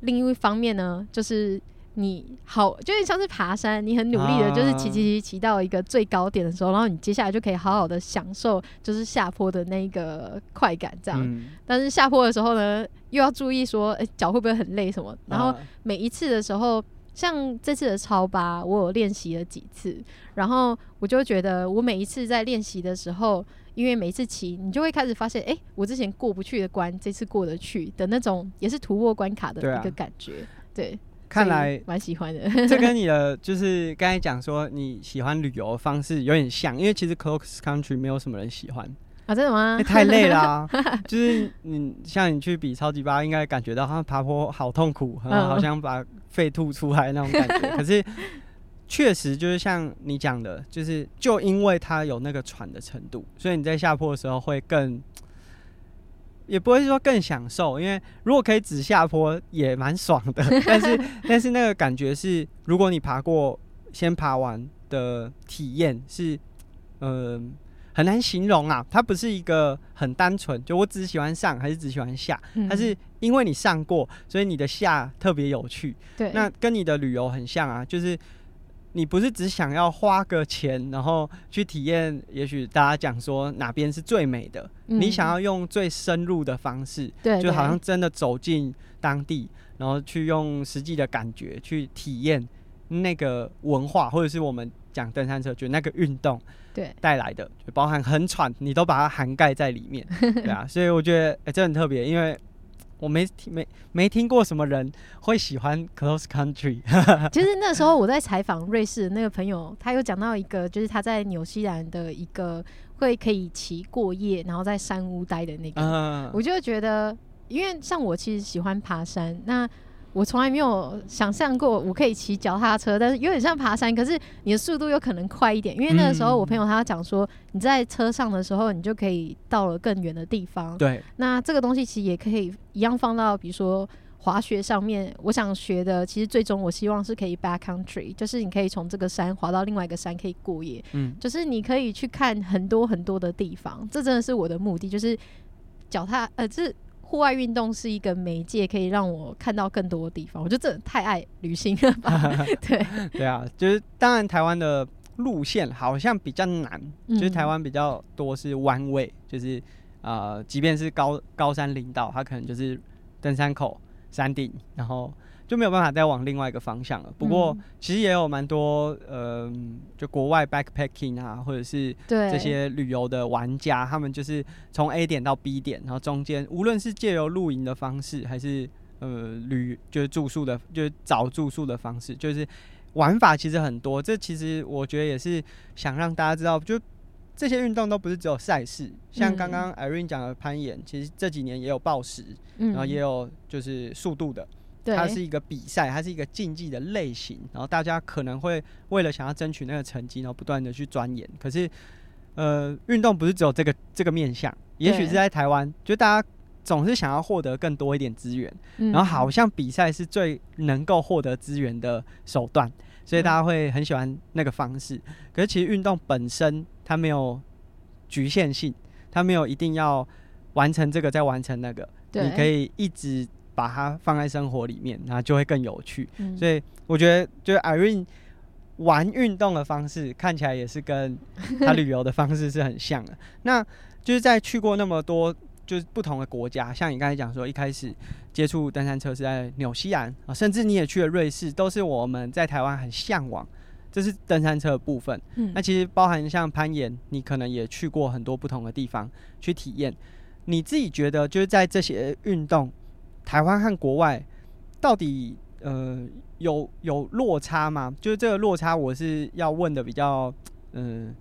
另一方面呢，就是。你好，就是像是爬山，你很努力的，就是騎騎騎騎到一個最高點的時候，然後你接下來就可以好好的享受，就是下坡的那個快感這樣。嗯、但是下坡的時候呢，又要注意說，誒、欸，腳會不會很累什麼？然後每一次的時候，啊、像這次的超八，我有練習了幾次，然後我就覺得，我每一次在練習的時候，因為每一次騎，你就會開始發現，哎、欸，我之前過不去的關，這次過得去的那種，也是突破關卡的一個感覺，對，啊、對。看來蠻喜歡的，這跟你的就是剛才講說你喜歡旅遊的方式有點像， 因為其實 cross country 沒有什麼人喜歡啊，真的嗎？啊、欸，太累了，啊， 就是你像你去比超級巴，應該感覺到他、啊、爬坡好痛苦，很好像把肺吐出來那種感覺。啊、可是確實就是像你講的，就是就因為它有那個喘的程度，所以你在下坡的時候會更。也不會說更享受，因為如果可以只下坡也蠻爽的， 但是但是那個感覺是，如果你爬過，先爬完的體驗是，嗯、呃，很難形容啊。它不是一個很單純，就我只喜歡上還是只喜歡下，它是因為你上過，所以你的下特別有趣。對、嗯，那跟你的旅遊很像啊，就是。你不是只想要花個錢，然後去體驗。也許大家講說哪邊是最美的，嗯、你想要用最深入的方式，對，就好像真的走進當地，然後去用實際的感覺去體驗那個文化，或者是我們講登山車，就那個運動，對，帶來的就包含很喘，你都把它涵蓋在裡面， 對啊。所以我覺得、欸、這很特別，因為。我沒聽沒沒聽過什麼人會喜歡 Close Country。其 實那時候我在採訪瑞士的那個朋友，他有講到一個，就是他在紐西蘭的一個會可以騎過夜，然後在山屋待的那個，嗯、我就覺得，因為像我其實喜歡爬山，那。我從來沒有想象過我可以騎腳踏車，但是有點像爬山，可是你的速度有可能快一點，因為那個時候我朋友他講說，你在車上的時候，你就可以到了更遠的地方。對，嗯、那這個東西其實也可以一樣放到，比如說滑雪上面。我想學的，其實最終我希望是可以 back country，就是你可以從這個山滑到另外一個山可以過夜，嗯，就是你可以去看很多很多的地方。這真的是我的目的，就是腳踏呃這。戶外運動是一個媒介，可以讓我看到更多的地方。我就真的太愛旅行了吧？對 對啊，就是當然台灣的路線好像比較難，嗯、就是台灣比較多是彎位，就是啊、呃，即便是高高山林道它可能就是登山口、山頂，然後。就沒有辦法再往另外一個方向了。不過其實也有蠻多，嗯、呃，就國外 backpacking 啊，或者是這些旅遊的玩家，他們就是從 A 點到 B 點，然後中間無論是借由露營的方式，還是呃旅就是住宿的，就是找住宿的方式，就是玩法其實很多。這其實我覺得也是想讓大家知道，就這些運動都不是只有賽事，像剛剛 Irene 講的攀岩，其實這幾年也有抱石然後也有就是速度的。它是一個比賽，它是一個競技的類型，然後大家可能會為了想要爭取那個成績，然後不斷的去鑽研。可是，呃，運動不是只有這個這個面向，也許是在台灣，對就大家總是想要獲得更多一點資源，嗯、然後好像比賽是最能夠獲得資源的手段，所以大家會很喜歡那個方式。嗯、可是，其實運動本身它沒有局限性，它沒有一定要完成這個再完成那個，對你可以一直。把它放在生活裡面，那就會更有趣。嗯、所以我覺得，就是 Irene 玩運動的方式看起來也是跟她旅遊的方式是很像的。 那就是在去過那麼多就是不同的國家，像你剛才講說，一開始接觸登山車是在紐西蘭啊，甚至你也去了瑞士，都是我們在台灣很嚮往。這是登山車的部分。嗯、那其實包含像攀岩，你可能也去過很多不同的地方去體驗，你自己覺得就是在這些運動。台灣和國外到底呃有有落差嗎？就是這個落差，我是要問的比較嗯、呃、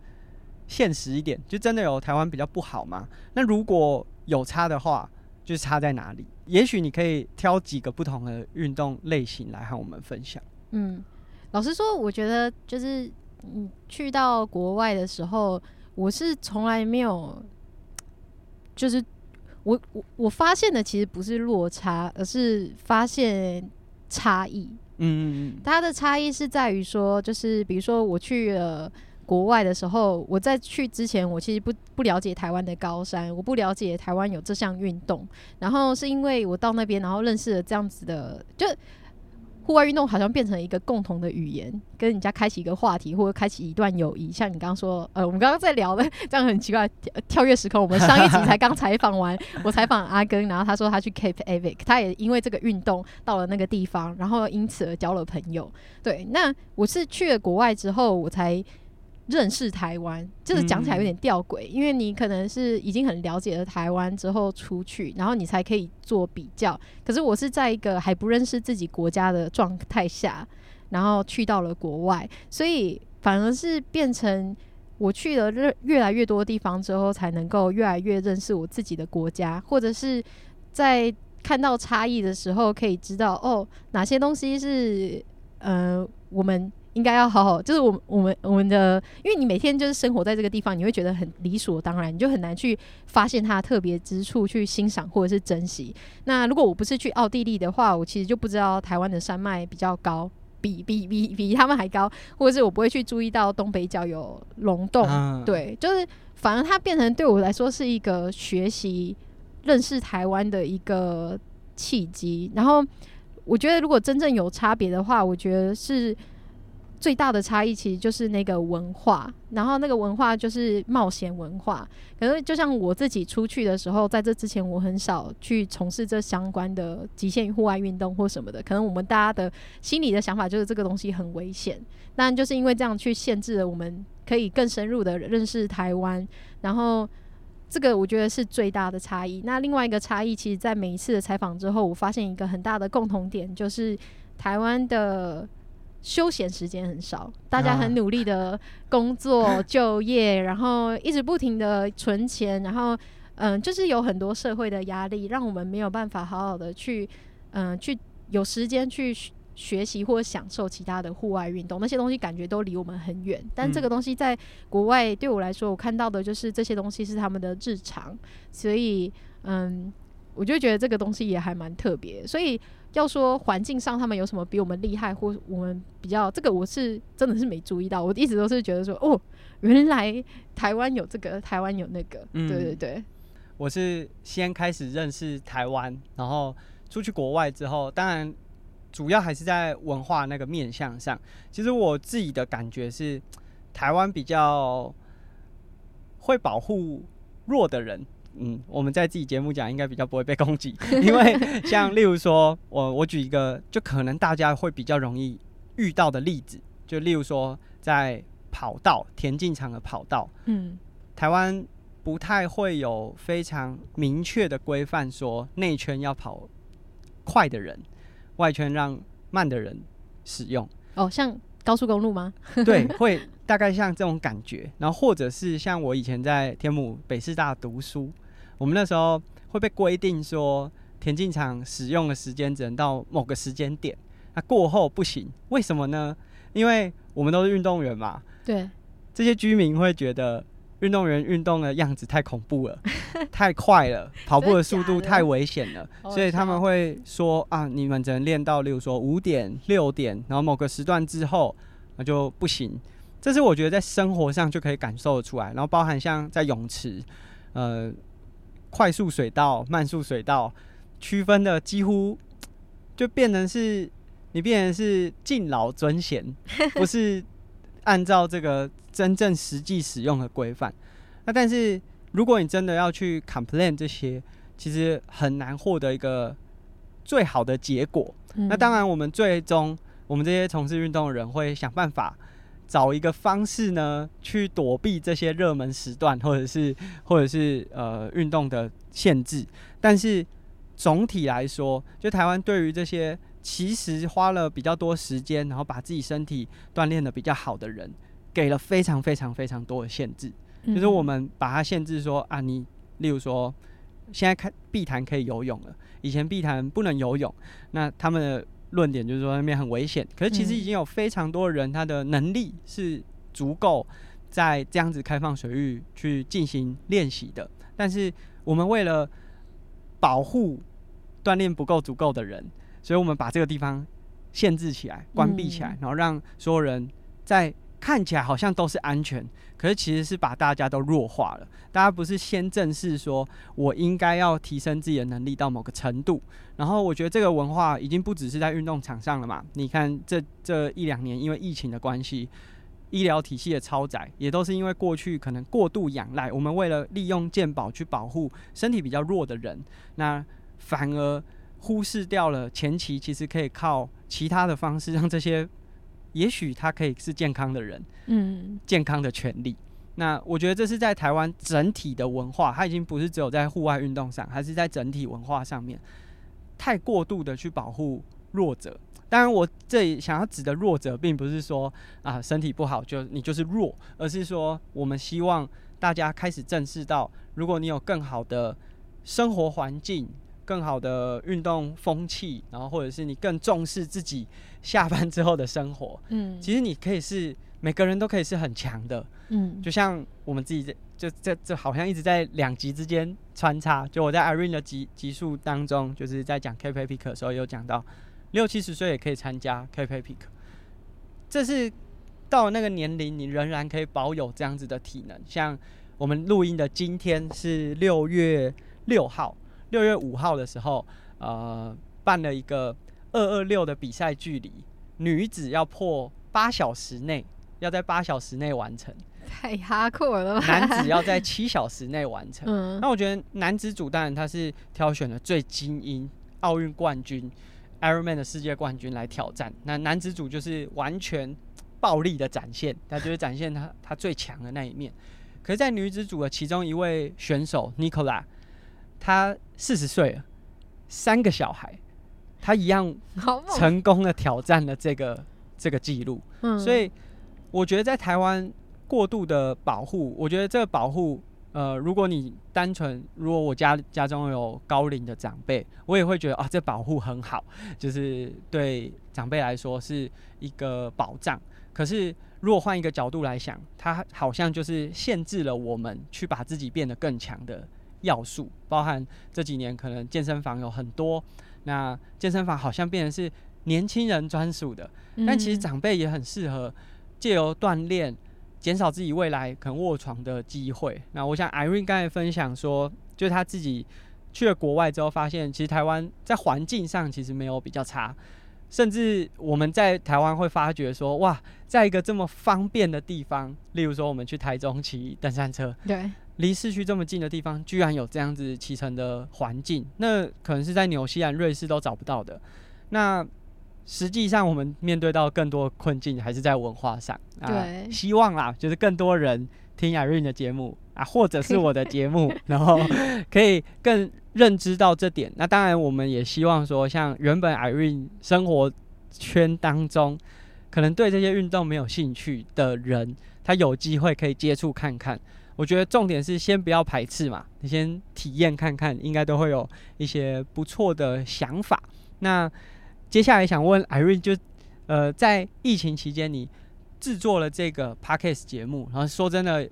現實一點，就真的有台灣比較不好嗎？那如果有差的話，就是差在哪裡？也許你可以挑幾個不同的運動類型來和我們分享。嗯，老實說，我覺得就是嗯去到國外的時候，我是從來沒有就是。我我我發現的其實不是落差，而是發現差異。嗯,嗯,嗯，它的差異是在於說，就是比如說我去了國外的時候，我在去之前，我其實不不了解台灣的高山，我不了解台灣有這項運動。然後是因為我到那邊，然後認識了這樣子的，就。戶外運動好像變成一個共同的語言，跟人家開啟一個話題，或者開啟一段友誼。像你剛剛說，呃，我們剛剛在聊的這樣很奇怪跳躍時空。我們上一集才剛採訪完， 我採訪阿耕，然後他說他去 Cape Epic，他也因為這個運動到了那個地方，然後因此而交了朋友。對，那我是去了國外之後，我才。認識台灣就是講起來有點吊詭，嗯、因為你可能是已經很了解了台灣之後出去，然後你才可以做比較。可是我是在一個還不認識自己國家的狀態下，然後去到了國外，所以反而是變成我去了越來越多地方之後，才能夠越來越認識我自己的國家，或者是在看到差異的時候，可以知道哦，哪些東西是呃我們。應該要好好，就是我、我們、我們的，因為你每天就是生活在這個地方，你會覺得很理所當然，你就很難去發現它的特別之處，去欣賞或者是珍惜。那如果我不是去奧地利的話，我其實就不知道台灣的山脈比較高，比比比比他們還高，或者是我不會去注意到東北角有龍洞。啊、對，就是反而它變成對我來說是一個學習認識台灣的一個契機。然後我覺得，如果真正有差別的話，我覺得是。最大的差異其實就是那個文化，然後那個文化就是冒險文化。可能就像我自己出去的時候，在這之前我很少去從事這相關的極限戶外運動或什麼的。可能我們大家的心裡的想法就是這個東西很危險，但就是因為這樣去限制了我們可以更深入的認識台灣。然後這個我覺得是最大的差異。那另外一個差異，其實在每一次的採訪之後，我發現一個很大的共同點，就是台灣的。休閒時間很少，大家很努力的工作，啊、 就業，然後一直不停的存錢，然後嗯，就是有很多社會的壓力，讓我們沒有辦法好好的去嗯去有時間去學習或享受其他的戶外運動，那些東西感覺都離我們很遠。但這個東西在國外對我來說，嗯、我看到的就是這些東西是他們的日常，所以嗯，我就覺得這個東西也還蠻特別，所以。要說環境上，他們有什麼比我們厲害，或我們比較這個，我是真的是沒注意到，我一直都是覺得說，哦，原來台灣有這個，台灣有那個，嗯、對對對。我是先開始認識台灣，然後出去國外之後，當然主要還是在文化那個面向上。其實我自己的感覺是，台灣比較會保護弱的人。嗯，我們在自己節目講應該比較不會被攻擊， 因為像例如說，我我舉一個，就可能大家會比較容易遇到的例子，就例如說在跑道田徑場的跑道，嗯，台灣不太會有非常明確的規範說內圈要跑快的人，外圈讓慢的人使用。哦，像高速公路嗎？ 對，會大概像這種感覺，然後或者是像我以前在天母北市大讀書。我們那時候會被規定說，田徑場使用的時間只能到某個時間點，那過後不行。為什麼呢？因為我們都是運動員嘛。對。這些居民會覺得，運動員運動的樣子太恐怖了， 太快了，跑步的速度太危險了， 真的假的？好好笑。所以他們會說啊，你們只能練到，例如說五點、六點，然後某個時段之後，那就不行。這是我覺得在生活上就可以感受出來，然後包含像在泳池，呃。快速水道、慢速水道區分的幾乎就變成是，你變成是敬老尊賢，不是按照這個真正實際使用的規範。 那但是如果你真的要去 complain 這些，其實很難獲得一個最好的結果。嗯。那當然，我們最終我們這些從事運動的人會想辦法。找一個方式呢，去躲避這些熱門時段，或者是或者是呃運動的限制。但是總體來說，就台灣對於這些其實花了比較多時間，然後把自己身體鍛鍊的比較好的人，給了非常非常非常多的限制。嗯、就是我們把它限制說啊你，你例如說現在看碧潭可以游泳了，以前碧潭不能游泳，那他們。論點就是說那邊很危險，可是其實已經有非常多人他的能力是足夠在這樣子開放水域去進行練習的，但是我們為了保護鍛鍊不夠足夠的人，所以我們把這個地方限制起來、嗯、關閉起來，然後讓所有人在。看起來好像都是安全，可是其實是把大家都弱化了。大家不是先正視說，我應該要提升自己的能力到某個程度。然後我覺得這個文化已經不只是在運動場上了嘛。你看這這一兩年，因為疫情的關係，醫療體系的超載，也都是因為過去可能過度仰賴，我們為了利用健保去保護身體比較弱的人，那反而忽視掉了前期，其實可以靠其他的方式讓這些。也許他可以是健康的人，嗯，健康的權利。那我覺得這是在台灣整體的文化，他已經不是只有在戶外運動上，還是在整體文化上面太過度的去保護弱者。當然，我這裡想要指的弱者，並不是說啊身體不好就你就是弱，而是說我們希望大家開始正視到，如果你有更好的生活環境。更好的運動風氣，然後或者是你更重視自己下班之後的生活，嗯，其實你可以是每個人都可以是很強的，嗯，就像我們自己就這這好像一直在兩極之間穿插，就我在 Irene 的級級數當中，就是在講 KPI Pick 時候有講到六七十歲也可以參加 KPI p c k 這是到了那個年齡，你仍然可以保有這樣子的體能。像我們錄音的今天是六月六號。六月五號的時候，呃，辦了一個二二六的比賽距離，女子要破八小時內，要在八小時內完成，太苛刻了吧？男子要在七小時內完成。 嗯、那我覺得男子組當然他是挑選了最精英奧運冠軍，Ironman 的世界冠軍來挑戰。那男子組就是完全暴力的展現，他就是展現他 他最強的那一面。可是，在女子組的其中一位選手 Nicola，她。Nicola, 他四十歲了，三個小孩，他一樣成功的挑戰了這個這個記錄。嗯、所以我覺得在台灣過度的保護，我覺得這個保護，呃，如果你單純，如果我家家中有高齡的長輩，我也會覺得啊，這保護很好，就是對長輩來說是一個保障。可是如果換一個角度來想，它好像就是限制了我們去把自己變得更強的。要素包含這幾年可能健身房有很多，那健身房好像變成是年輕人專屬的，嗯、但其實長輩也很適合借由鍛鍊減少自己未來可能臥床的機會。那我想 Irene 剛才分享說，就他自己去了國外之後，發現其實台灣在環境上其實沒有比較差，甚至我們在台灣會發覺說，哇，在一個這麼方便的地方，例如說我們去台中騎登山車，對。離市區這麼近的地方，居然有這樣子騎乘的環境，那可能是在紐西蘭、瑞士都找不到的。那實際上，我們面對到更多困境還是在文化上啊。對希望啦，就是更多人聽 Irene 的節目啊，或者是我的節目， 然後可以更認知到這點。那當然，我們也希望說，像原本 Irene 生活圈當中，可能對這些運動沒有興趣的人，他有機會可以接觸看看。我覺得重點是先不要排斥嘛，你先體驗看看，應該都會有一些不錯的想法。那接下來想問 Irene 就，呃，在疫情期間你制作了這個 podcast 節目，然後說真的，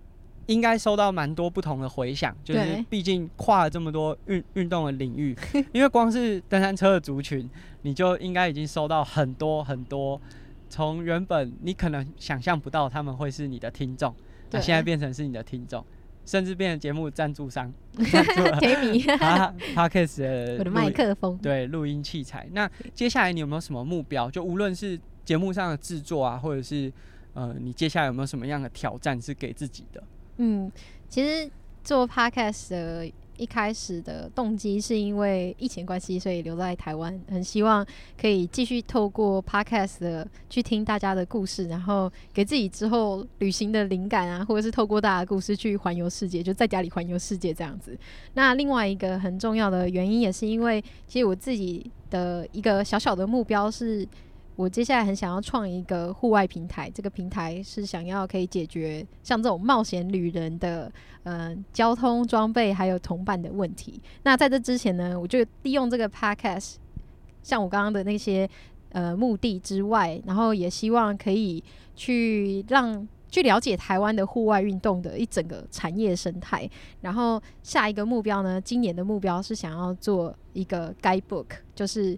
應該收到蠻多不同的回響，就是畢竟跨了這麼多運運動的領域，對 因為光是登山車的族群，你就應該已經收到很多很多，從原本你可能想象不到他們會是你的聽眾。那、啊、現在變成是你的聽眾對甚至變成節目贊助商 i 你啊 Podcast 的麥克風，對錄音器材。那接下來你有沒有什麼目標，就無論是節目上的制作啊，或者是，呃、你接下來有沒有什麼樣的挑戰是給自己的？嗯，其實做 Podcast 的一開始的動機是因為疫情關係，所以留在台灣。很希望可以繼續透過 Podcast 的去聽大家的故事，然後給自己之後旅行的靈感啊，或者是透過大家的故事去環遊世界，就在家裡環遊世界這樣子。那另外一個很重要的原因，也是因為其實我自己的一個小小的目標是，我接下來很想要創一個戶外平台，這個平台是想要可以解決像這種冒險旅人的嗯、呃、交通裝備還有同伴的問題。那在這之前呢，我就利用這個 podcast 像我剛剛的那些呃目的之外，然後也希望可以去讓去了解台灣的戶外運動的一整個產業生態。然後下一個目標呢，今年的目標是想要做一個 guidebook，就是。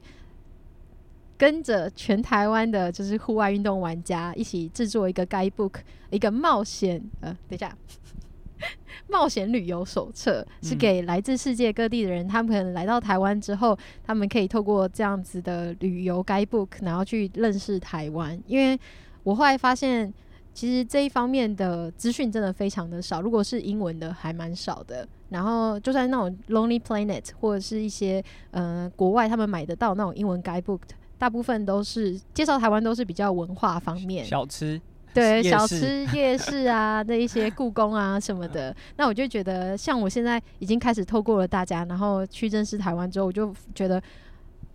跟着全台灣的就是戶外運動玩家一起制作一個 Guidebook，一個冒險，呃，等一下， 冒險旅遊手冊、嗯、是給來自世界各地的人，他們可能來到台灣之後，他們可以透過這樣子的旅遊 Guidebook，然後去認識台灣。因為我後來發現，其實這一方面的資訊真的非常的少，如果是英文的還蠻少的。然後就算那種 Lonely Planet 或者是一些嗯、呃、國外他們買得到那種英文 Guidebook。大部分都是介紹台灣，都是比較文化方面，小吃對市小吃夜市啊， 那一些故宮啊什麼的。那我就覺得，像我現在已經開始透過了大家，然後去認識台灣之後，我就覺得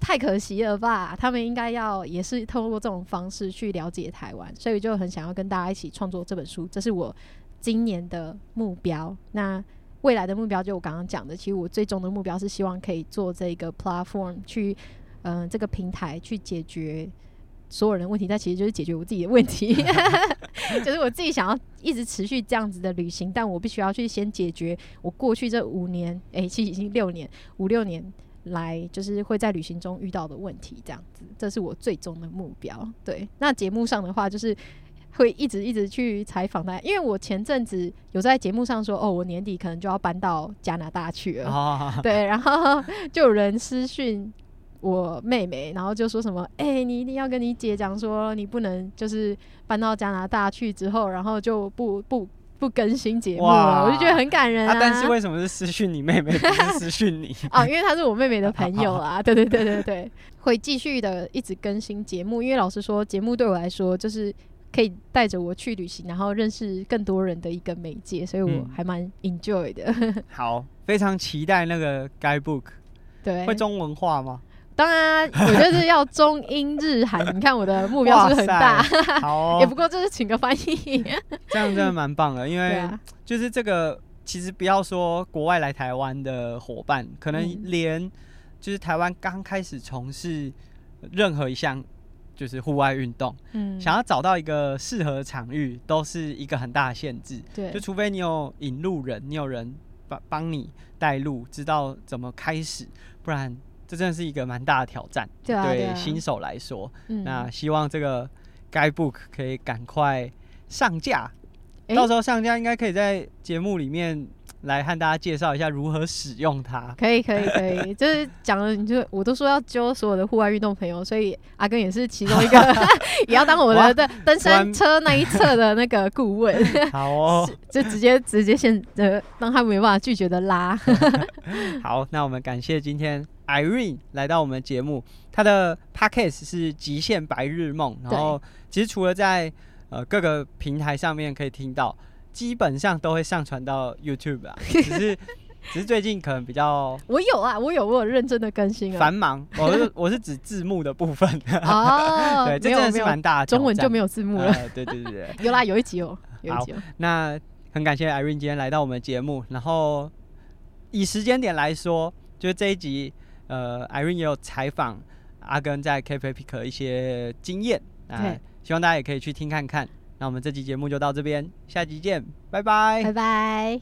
太可惜了吧？他們應該要也是透過這種方式去了解台灣，所以就很想要跟大家一起創作這本書，這是我今年的目標。那未來的目標就我剛剛講的，其實我最終的目標是希望可以做這個 platform 去。嗯，這個平台去解決所有人的問題，它其實就是解決我自己的問題， 就是我自己想要一直持續這樣子的旅行，但我必須要去先解決我過去這五年，誒、欸，其實已經六年、五六年來，就是會在旅行中遇到的問題，這樣子，這是我最終的目標。對，那節目上的話，就是會一直一直去採訪他，因為我前陣子有在節目上說，哦，我年底可能就要搬到加拿大去了， 對，然後就有人私訊，我妹妹，然後就說什麼？哎、欸，你一定要跟你姐講，說你不能就是搬到加拿大去之後，然後就不不不更新節目了。哇我就覺得很感人啊！啊但是為什麼是私訊你妹妹， 不是私訊你？啊？因為她是我妹妹的朋友啊。啊對對對對對， 會繼續的一直更新節目。因為老實說節目對我來說，就是可以帶着我去旅行，然後認識更多人的一個媒介，所以我還蠻 enjoy 的、嗯。好，非常期待那個 Guidebook。對，會中文化嗎？當然、啊，我就是要中英日韓。 你看我的目標是不是很大？好、哦、 也不過就是請個翻譯， 這樣真的蠻棒的。因為就是這個，其實不要說國外來台灣的夥伴，可能連就是台灣剛開始從事任何一項就是戶外運動，嗯，想要找到一個適合的場域，都是一個很大的限制。對，就除非你有引路人，你有人幫幫你帶路，知道怎麼開始，不然。這真的是一個蠻大的挑戰，對啊對啊，對新手來說。嗯、那希望這個 Guidebook 可以趕快上架，欸、到時候上架應該可以在節目裡面來和大家介紹一下如何使用它。可以可以可以， 就是講了你就我都說要揪所有的戶外運動朋友，所以阿耕也是其中一個， 也要當我的登山車那一側的那個顧問。哇 好哦，就直接直接先呃讓他沒辦法拒絕的拉。 好，那我們感謝今天，Irene 來到我們節目，他的 podcast 是《極限白日夢》對，然後其實除了在呃各個平台上面可以聽到，基本上都會上傳到 YouTube 啊。 只是只是最近可能比較我有啊，我有我有認真的更新啊。繁忙，我是我是指字幕的部分。 哦，對，這真的是蠻大，中文就沒有字幕了。呃、對對對對， 有啦，有一集哦，有一集有。那很感謝 Irene 今天來到我們節目，然後以時間點來說，就是這一集。呃，Irene 也有採訪阿耕在 KFPK 一些經驗啊，嘿希望大家也可以去聽看看。那我們這期節目就到這邊，下期見，拜拜，拜拜。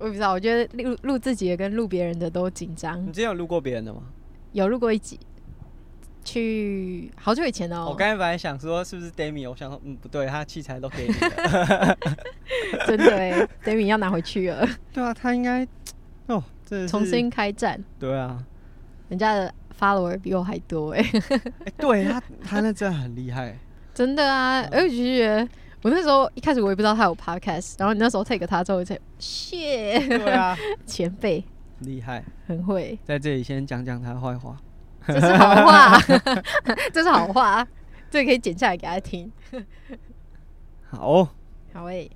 我不知道，我覺得錄錄自己的跟錄別人的都緊張、嗯。你之前有錄過別人的嗎？有錄過一集，去好久以前哦、喔。我剛才本來想說是不是 Dami，我想說嗯不對，他器材都給你。真的、欸、 Dami 要拿回去了。對啊，他應該哦，這重新開戰。對啊。人家的 follower 比我還多哎、欸 欸，對他他那真的很厲害、欸， 真的啊！嗯、而且我那時候一開始我也不知道他有 podcast，然後你那時候 take 他之後才，謝，對啊， 前輩輩，厲害，很會，在這裡先講講他的壞話， 這是好話， 這是好話， 這個可以剪下來給他聽， 好，好誒、欸。